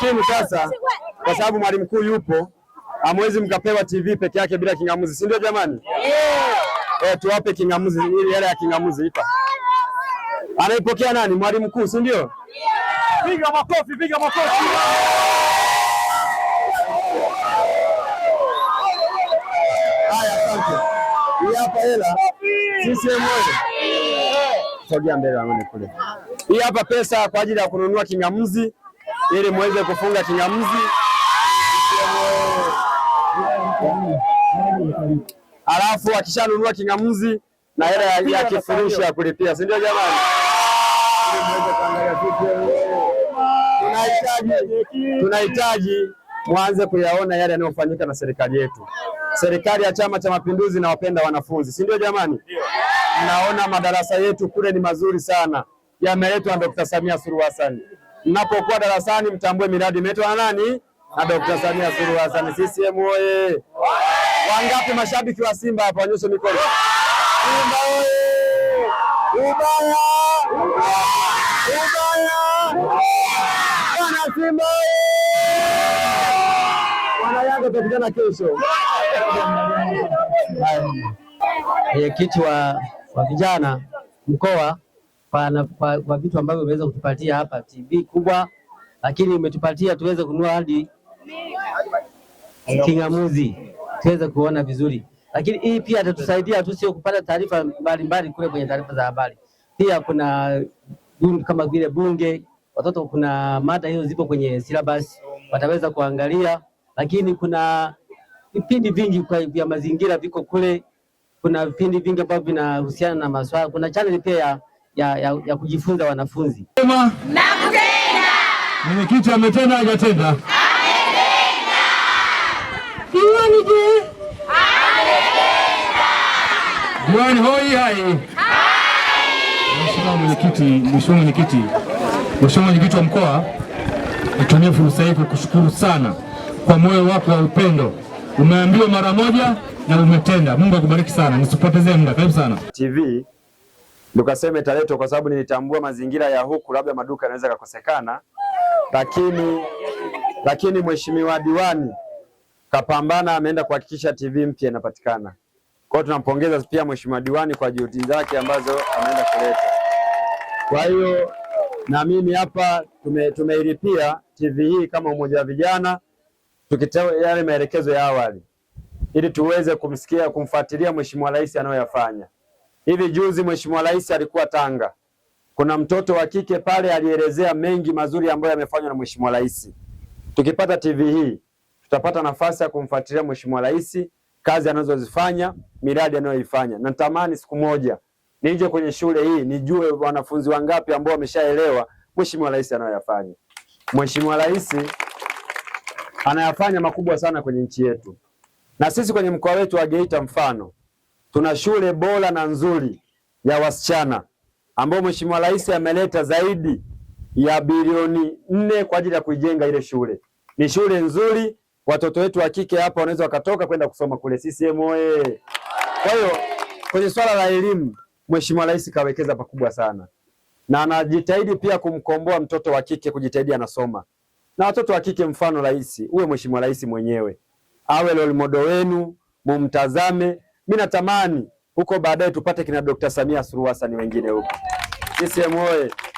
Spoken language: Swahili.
hakimu sasa, kwa sababu mwalimu mkuu yupo, hamwezi mkapewa TV peke yake bila kingamuzi, si ndio jamani? Eh, tuwape kingamuzi ile hela ya kingamuzi ipa anaipokea nani? Mwalimu mkuu, si ndio? Piga makofi, piga makofi. Haya, asante. Hii hapa hela sisi sogea mbele, kule. Hii hapa pesa kwa ajili ya kununua kingamuzi ili muweze kufunga kingamuzi. Halafu akishanunua kingamuzi na hela ya kifurushi ya kulipia, si ndio jamani? Tunahitaji mwanze kuyaona yale yanayofanyika na serikali yetu, serikali ya Chama cha Mapinduzi. inawapenda wanafunzi, si ndio jamani? Naona madarasa yetu kule ni mazuri sana, yameletwa na Dr. Samia Suluhu Hassan mnapokuwa darasani mtambue miradi imeletwa na nani? Na Dr. Samia Suluhu Hassan. CCM oye! Wangapi mashabiki wa Simba hapa wanyoshe mikono? Simba oye! Ubaya! Ubaya! Wana Simba oye! Wana Yanga tutakutana kesho. Mwenyekiti wa vijana mkoa kwa, kwa, kwa vitu ambavyo umeweza kutupatia hapa, TV kubwa, lakini umetupatia tuweze kununua hadi kingamuzi tuweze kuona vizuri, lakini hii pia atatusaidia tu sio kupata taarifa mbalimbali kule kwenye taarifa za habari. Pia kuna kama vile bunge, watoto kuna mada hizo zipo kwenye syllabus, wataweza kuangalia, lakini kuna vipindi vingi vya mazingira viko kule, kuna vipindi vingi ambavyo vinahusiana na maswala, kuna channel pia ya ya, ya, ya kujifunza wanafunzi. Mwenyekiti ametenda ajatenda Ametenda. Diwani je? Ametenda. Diwani hoi hai. Mheshimiwa Mwenyekiti, Mheshimiwa Mwenyekiti, Mheshimiwa Mwenyekiti wa mkoa, nitumie fursa hii kukushukuru sana kwa moyo wako wa upendo. Umeambiwa mara moja na umetenda. Mungu akubariki sana, nisipotezee muda. Karibu sana TV. Nikasema italetwa kwa sababu nilitambua mazingira ya huku labda maduka yanaweza kukosekana, lakini lakini mheshimiwa diwani kapambana, ameenda kuhakikisha TV mpya inapatikana. Kwa hiyo tunampongeza pia mheshimiwa diwani kwa juhudi zake ambazo ameenda kuleta. Kwa hiyo na mimi hapa tume, tumeilipia TV hii kama umoja wa vijana tukitoa yale maelekezo ya awali ili tuweze kumsikia kumfuatilia mheshimiwa rais anayoyafanya. Hivi juzi Mheshimiwa Rais alikuwa Tanga, kuna mtoto wa kike pale alielezea mengi mazuri ambayo yamefanywa na Mheshimiwa Rais. Tukipata TV hii tutapata nafasi ya kumfuatilia Mheshimiwa Rais, kazi anazozifanya, miradi anayoifanya. Natamani siku moja nije kwenye shule hii nijue wanafunzi wangapi ambao wameshaelewa Mheshimiwa Rais anayoyafanya. Mheshimiwa Rais anayafanya makubwa sana kwenye nchi yetu, na sisi kwenye mkoa wetu wa Geita mfano tuna shule bora na nzuri ya wasichana ambayo Mheshimiwa Rais ameleta zaidi ya bilioni nne kwa ajili ya kuijenga ile shule. Ni shule nzuri, watoto wetu wa kike hapa wanaweza wakatoka kwenda kusoma kule. CCM oye! Kwa hiyo kwenye swala la elimu Mheshimiwa Rais kawekeza pakubwa sana, na anajitahidi pia kumkomboa mtoto wa kike kujitahidi anasoma, na watoto wa kike mfano rais uwe Mheshimiwa Rais mwenyewe awe role model wenu, mumtazame mimi natamani huko baadaye tupate kina Dr. Samia Suluhu Hassan wengine huko CCM oye!